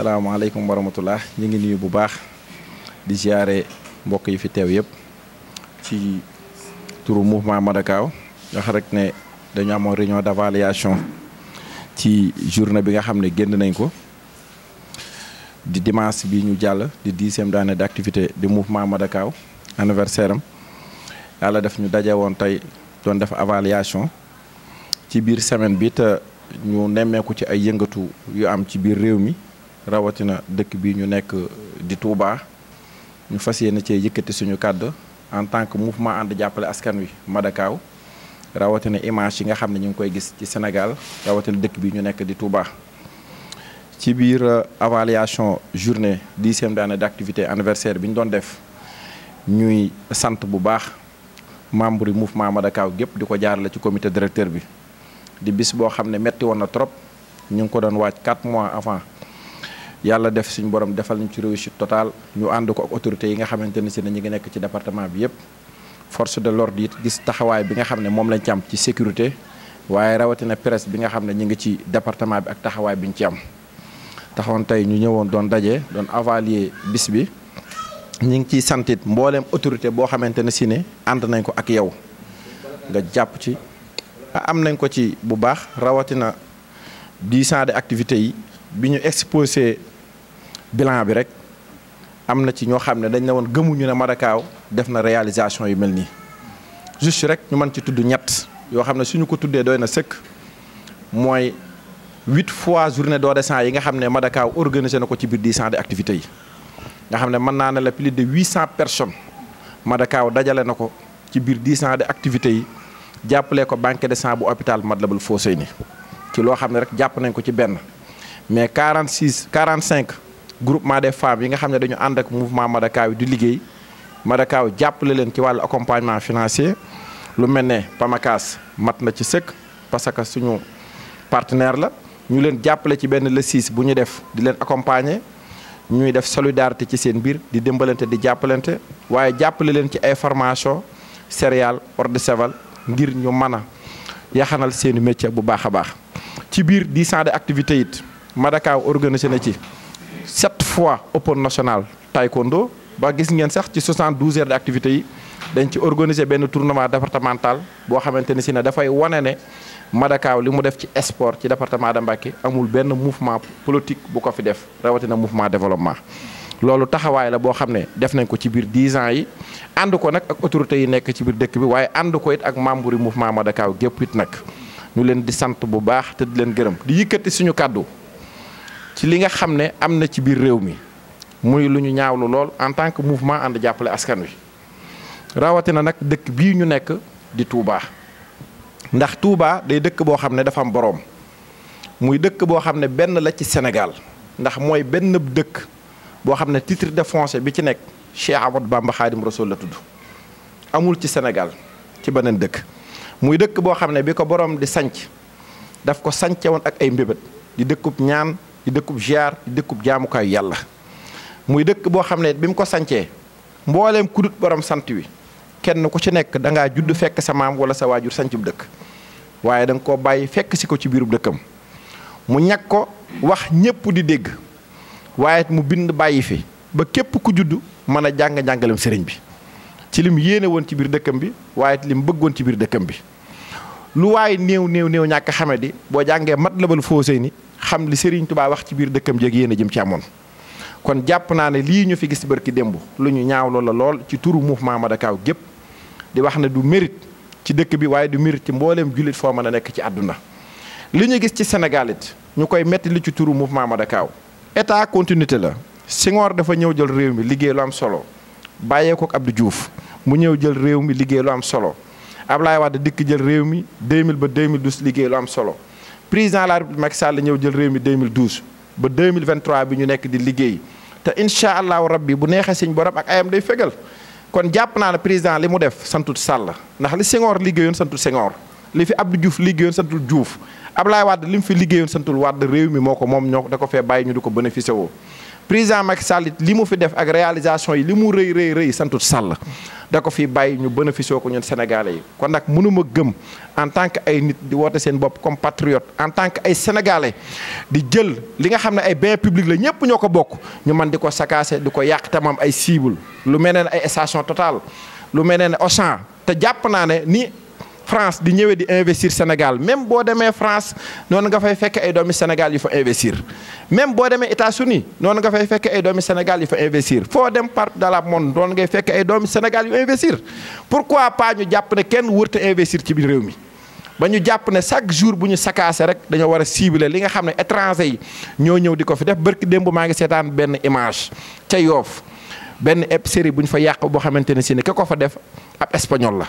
salaamaaleykum wa rahmatullah ñu ngi nuyu bu baax di ziare mbokk yi fi teew yëpp ci turu mouvement Madakaw wax rek ne dañu amoon réunion d'évaluation ci journée bi nga xam ne génn nañ ko di dimanche bi ñu jàll di dixième année d'activité du mouvement Madakaw anniversaire am yàlla def ñu daje woon tey doon def évaluation ci biir semaine bi te ñu nemmeeku ci ay yëngatu yu am ci biir réew mi rawatina dëkk bi ñu nekk euh, di Touba ñu fas yéene cee yëkkati suñu kàdd en tant que mouvement ànd jàppale askan wi Madakaw rawatina image yi nga xam ne ñu ngi koy gis ci Sénégal rawatina dëkk bi ñu nekk di Touba. ci biir euh, évaluation journée dixième d'année d'activité anniversaire bi ñu doon def ñuy sant bu baax membre yi mouvement Madakaw gépp di ko jaarale ci comité directeur bi di bis boo xam ne metti woon na trop ñu ngi ko doon waaj 4 mois avant. yàlla def suñu boroom defal ñu ci si totale ñu ànd ko ak autorités yi nga xamante ne si ne ñu ngi nekk ci département bi yëpp force de l'ordre it gis taxawaay bi nga xam ne moom lañ ci am ci sécurité waaye rawatina presse bi nga xam ne ñu ngi ci département bi ak taxawaay bi ñu ci am taxoon tey ñu ñëwoon doon daje doon avalier bis bi ñu ngi ciy santit mbooleem autorité boo xamante ne si ne ànd nañ ko ak yow nga jàpp ci am nañ ko ci bu baax rawatina dix ans de yi bilan bi rek am na ci ñoo xam ne dañ ne woon gëmuñu ne Madakaw def na réalisation yu mel nii juste rek ñu mën ci tudd ñett yoo xam ne suñu ko tuddee doy na sëkk mooy huit fois journée d'adolescents yi nga xam ne Madakaw organisé na ko ci biir dix cent de activités yi nga xam ne mën naa ne la plus de huit cent personnes Madakaw dajale na ko ci biir dix cent de activités yi jàppale ko banque de sang bu hôpital Matlaboul Fawzeyni ci loo xam ne rek jàpp nañ ko ci benn mais quarante six quarante cinq groupement des femmes yi nga xam ne dañu ànd ak mouvement Madakaw di liggéey Madakaw jàppale leen ci wàllu accompagnement financier lu mel ne PAMACAS mat na ci sëkk parce que suñu partenaire la ñu leen jàppale ci benn lesis bu ñu def di leen accompagner ñuy def solidarité ci seen biir di dimbalante di jàppalante waaye jàppale leen ci ay formation céréales ordre de cheval ngir ñu mën a yaxanal seeni métier bu baax a baax ci biir 10 ans activité it Madakaw organisé na ci. sept fois open national taekwondo ba gis ngeen sax ci 72 heures d'activité yi dañ ci organiser benn tournoi départemental boo xamante ne si ne dafay wane ne Madakaw li mu def ci esport ci département de Mbacké amul benn mouvement politique bu ko fi def rawatina mouvement développement. loolu taxawaay la boo xam ne def nañ ko ci biir 10 ans yi ànd ko nag ak autorités yi nekk ci biir dëkk bi waaye ànd ko it ak membre yi mouvement Madakaw gépp it nag ñu leen di sant bu baax te di leen gërëm di yëkkati suñu kàddu. ci li nga xam ne am na ci biir réew mi muy lu ñu ñaawlu lool en tant que mouvement ànd jàppale askan wi rawatina nag dëkk bii ñu nekk di Touba ndax Touba day dëkk boo xam ne dafa am boroom muy dëkk boo xam ne benn la ci senegal ndax mooy benn dëkk boo xam ne titre de foncier bi ci nekk Cheikh Ahmadou Bamba Khadim Rasoul la tudd amul ci senegal ci beneen dëkk muy dëkk boo xam ne bi ko boroom di sanc daf ko sance woon ak ay mbébét di dëkkub ñaan di dëkkub ziar dëkkub jaamukaayu yàlla muy dëkk boo xam ne bi mu ko sancee mbooleem kudut borom sant wi kenn ku ci nekk da ngaa judd fekk sa maam wala sa waajur sancub dëkk waaye da nga koo bàyyi fekk si ko ci biirub dëkkam mu ñag ko wax ñépp di dégg waaye mu bind bàyyi fi ba képp ku judd mën a jàng jàngalem sëriñ bi ci lim yéene woon ci biir dëkkam bi waaye lim bëggoon ci biir dëkkam bi lu waay néew néew néew ñàkk xame di boo jàngee mat labal foosee ni xam li Serigne Touba wax ci biir dëkkam jéeg yéen a jëm ci amoon kon jàpp naa ne lii ñu fi gis bërki démb lu ñu ñaaw loola lool ci turu mouvement Madakaw gépp di wax ne du mérite ci dëkk bi waaye du mérite ci mbooleem jullit foo mën a nekk ci àdduna li ñu gis ci Sénégal ñu koy metti li ci turu mouvement Madakaw état continuité la Senghor dafa ñëw jël réew mi liggéey lu am solo bàyyee ko ak Abdou Diouf mu ñëw jël réew mi liggéey am solo ab laay Wade dikk jël réew mi 2000 ba 2012 liggéey lu am solo président de la République Macky Sall ñëw jël réew mi 2012 ba 2023 bi ñu nekk di liggéey te incha allahu bi bu neexee suñ borom ak ayam day fegal kon jàpp naa ne président li mu def santu Sall ndax li Senghor liggéeyoon santut Senghor li fi Abdou Diouf liggéeyoon santul Diouf Ablaye Wade li mu fi liggéeyoon santul Wade réew mi moo ko moom ñoo da ko fee bàyyi ñu di ko bénéficié woo président Macky Sall li mu fi def ak réalisation yi li mu rëy rëy rëy santut Sall da ko fi bàyyi ñu bénéficié ko ñun sénégalais yi kon nag mënuma gëm en tant que ay nit di woote seen bopp comme patriote en tant que ay sénégalais di jël li nga xam ne ay biens publics la ñëpp ñoo ko bokk ñu man di ko sakaase di ko yàq te moom ay cible lu mel ne ay station totale lu mel ne Auchan te jàpp naa ne ni France di ñëwee di investir Sénégal même boo demee France noonu nga fay fekk ay doomi Sénégal yu fa investir même boo demee États-Unis noonu nga fay fekk ay doomi Sénégal yu fa investir foo dem partout dans le monde noonu ngay fekk ay doomi Sénégal yu investir pourquoi pas ñu jàpp ne kenn wërta investir ci biir réew mi ba ñu jàpp ne chaque jour bu ñu sakaase rek dañoo war a cibler li nga xam ne étranger yi ñoo ñëw di ko fi def barki démb maa ngi seetaan benn image ca Yoof benn ep série bu ñu fa yàq boo xamante ne si ne ke ko fa def ab espagnol la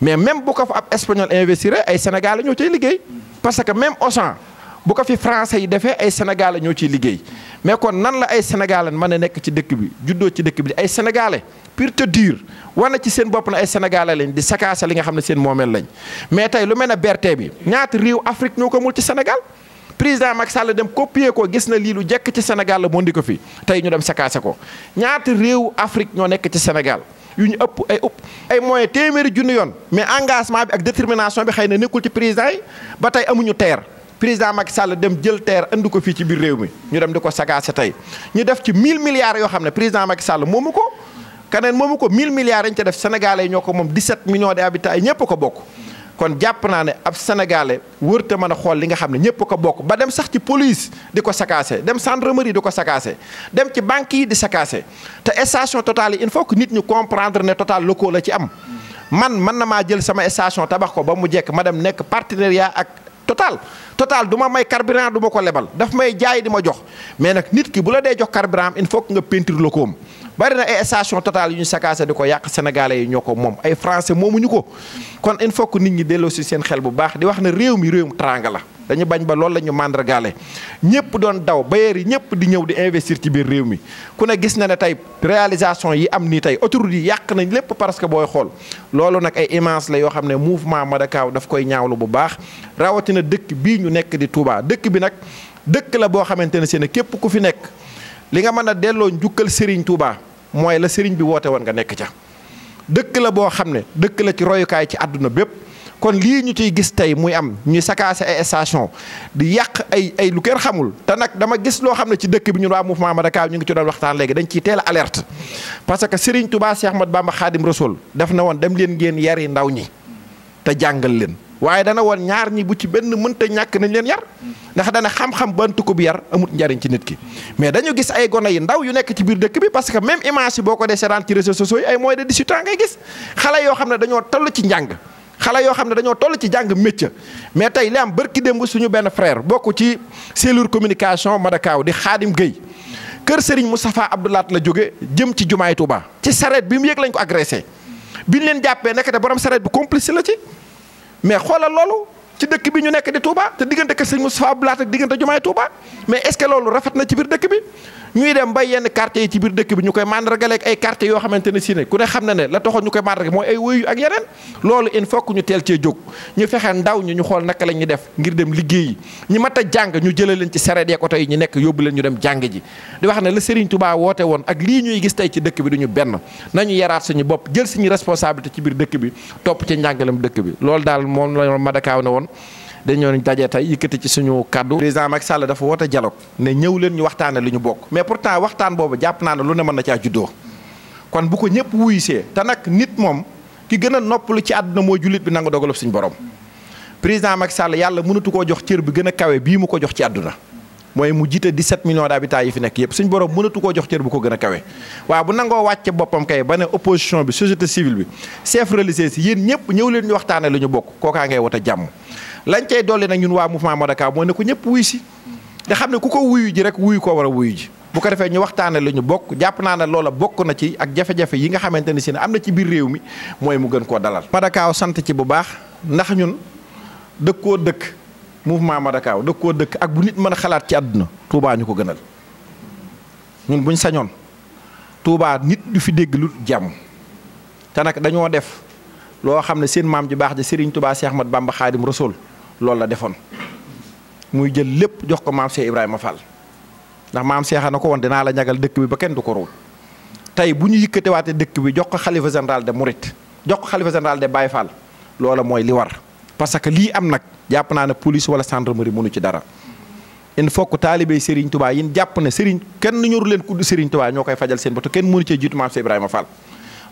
mais même bu ko fa ab espagnol investir ay sénégalais ñoo cay liggéey parce que même Auchan bu ko fi français yi defee ay sénégalais ñoo ciy liggéey mais kon nan la ay sénégalais mën a nekk ci dëkk bi juddoo ci dëkk bi ay sénégalais pur te dur wane ci seen bopp na ay sénégalais lañ di sakaase li nga xam ne seen moomeel lañ mais tey lu mel ne BRT bi ñaata réew Afrique ñoo ko mul ci Sénégal. président Macky Sall dem copier ko gis na lii lu jekk ci Sénégal la moo ndi ko fi tey ñu dem sakaase ko ñaata réew Afrique ñoo nekk ci Sénégal yu ñu ëpp ay ëpp ay moyens téeméeri junni yoon mais engagement bi ak détermination bi xëy na nekkul ci président yi ba tey amuñu teer président Macky Sall dem jël terre andi ko fii ci biir réew mi ñu dem di ko sakaase tey ñu def ci 1000 milliards yoo xam ne président Macky Sall moomu ko keneen moomu ko 1000 milliards yañ ca def Sénégalais ñoo ko moom 17 millions d'habitants yi ñëpp ko bokk kon jàpp naa ne ab sénégalais wër te mën a xool li nga xam ne ñëpp ko bokk ba dem sax ci police di ko sakaase dem gendarmerie di ko sakaase dem ci banque yi di sakaase te station Total yi il faut que nit ñu comprendre ne Total locaux la ci am man mën na maa jël sama station tabax ko ba mu jekk ma dem nekk partenariat ak. total total duma may carburant du ma ko lebal daf may jaay di ma jox mais nag nit ki bu la dee jox carburant am il faut que nga peinture la koom bari na ay station total yu ñu sakaase di ko yàq sénégalais yi ñoo ko moom ay français moomuñu ko kon il fokk nit ñi delloo si seen xel bu baax di wax ne réew mi réew réewum teraanga la. dañu bañ ba loolu la ñu màndargaale ñëpp doon daw bailleurs yi ñëpp di ñëw di investir ci biir réew mi ku ne gis na ne tey réalisation yi am nii tey autoroute yi yàq nañ lépp parce que booy xool loolu nag ay image la yoo xam ne mouvement Madakaw daf koy ñaawlu bu baax rawatina dëkk bii ñu nekk di Touba dëkk bi nag dëkk la boo xamante ne seen képp ku fi nekk li nga mën a delloo njukkal Serigne Touba mooy la Serigne bi woote woon nga nekk ca dëkk la boo xam ne dëkk la ci royukaay ci àdduna bépp kon lii ñu ciy gis tey muy am ñuy sakaase ay station di yàq ay ay lu kenn xamul te nag dama gis loo xam ne ci dëkk bi ñun waa mouvement Madakaw ñu ngi ci doon waxtaan léegi dañ ciy teel a alerte parce que Serigne Touba Cheikh Ahmad Bamba Khadim Rasoul def na woon dem leen ngeen yari ndaw ñi te jàngal leen waaye dana woon ñaar ñi bu ci benn mënta ñàkk nañ leen yar ndax dana xam-xam bantu ko bi yar amut njariñ ci nit ki mais dañu gis ay gone yi ndaw yu nekk ci biir dëkk bi parce que même image yi boo ko dee seetaan ci réseaux sociaux yi ay moins de 18 ans ngay gis xale yoo xam ne dañoo toll ci njàng xale yoo xam ne dañoo toll ci jàng métier mais tey li am bërki démb suñu benn frère bokk ci cellule communication Madakaw di Xaadim Guèye kër Serigne Moustapha Abdoulaat la jóge jëm ci jumaay Touba ci sareet bi mu yëg lañ ko agressé bi ñu leen jàppee nekk te borom sareet bu complice la ci mais xoolal loolu ci dëkk bi ñu nekk di Touba te diggante kër Serigne Moustapha Abdoulaat ak diggante jumaay Touba mais est-ce loolu rafet na ci biir dëkk bi ñuy dem ba yenn quartier yi ci biir dëkk bi ñu koy màndargale ak ay quartier yoo xamante ne si ku ne xam na ne la taxoon ñu koy màndarga mooy ay wéyu ak yeneen loolu in faut ñu teel cee jóg ñu fexe ndaw ñi ñu xool naka la ñuy def ngir dem liggéey ñi mat a jàng ñu jëlee leen ci sareet yeeg oto yi ñu nekk yóbbu leen ñu dem jàng ji di wax ne la Serigne Touba woote woon ak lii ñuy gis tey ci dëkk bi duñu benn nañu yaraat suñu bopp jël suñu responsabilité ci biir dëkk bi topp ci njàngalem dëkk bi loolu daal moom la Madakaw ne woon dañoo daje tey yëkkati ci suñu kaddu. président Macky Sall dafa woote dialogue ne ñëw leen ñu waxtaane lu ñu bokk mais pourtant waxtaan boobu jàpp naa ne lu ne mën na caa juddoo kon bu ko ñëpp wuyusee te nag nit moom ki gën a noppalu ci àdduna mooy jullit bi nangu dogalub suñu borom président Macky Sall yàlla mënatu koo jox cër bi gën a kawe bii mu ko jox ci àdduna mooy mu jiite 17 millions d'habitants yi fi nekk yëpp suñ borom mënatu koo jox cër bu ko gën a kawe waaw bu nangoo wàcce boppam kay ba ne opposition bi société civile bi chef religieux yi ñëpp ñëw leen ñu waxtaane lu ñu bokk kookaa ngay wote jàmm lañ cay dolli nag ñun waa mouvement Modakaw mooy ne ko ñëpp wuy si te xam ne ku ko wuyu ji rek wuyu ko war a wuyu ji bu ko defee ñu waxtaane lañu bokk jàpp naa ne loola bokk na ci ak jafe-jafe yi nga xamante ne si am na ci biir réew mi mooy mu gën koo dalal Modakaw sant ci bu baax ndax ñun dëkkoo dëkk mouvement Modakaw dëkkoo dëkk ak bu nit mën a xalaat ci àdduna tuubaa ñu ko gënal ñun buñ sañoon Touba nit du fi dégg lu jàmm te nag dañoo def loo xam ne seen maam ju baax ji Serigne Touba Cheikh Ahmad Bamba Khadim Rasoul loolu la defoon muy jël lépp jox ko maam Cheikh Ibrahima fal ndax maam Cheikh na ko woon dinaa la ñagal dëkk bi ba kenn du ko ruuj tey bu ñu yëkkatewaatee dëkk bi jox ko xalifa général de Mouride jox ko xalifa général de Baye fal loola mooy li war parce que lii am nag jàpp naa ne police wala gendarmerie mënu ci dara il faut que taalibey Serigne Touba yin jàpp ne Serigne kenn ru leen kudd Serigne Touba ñoo koy fajal seen bopp te kenn mënu cee jiitu maam Cheikh Ibrahima Fall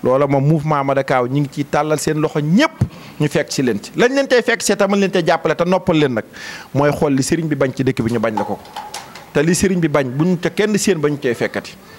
loola moom mouvement Madakaw ñi ngi ciy tàllal seen loxo ñëpp ñu fekk si leen lañ leen tey fekk see te mën leen tey jàppale te noppal leen nag mooy xool li sëriñ bi bañ ci dëkk bi ñu bañ la ko te li sëriñ bi bañ buñ te kenn seen ba ñu tey fekkati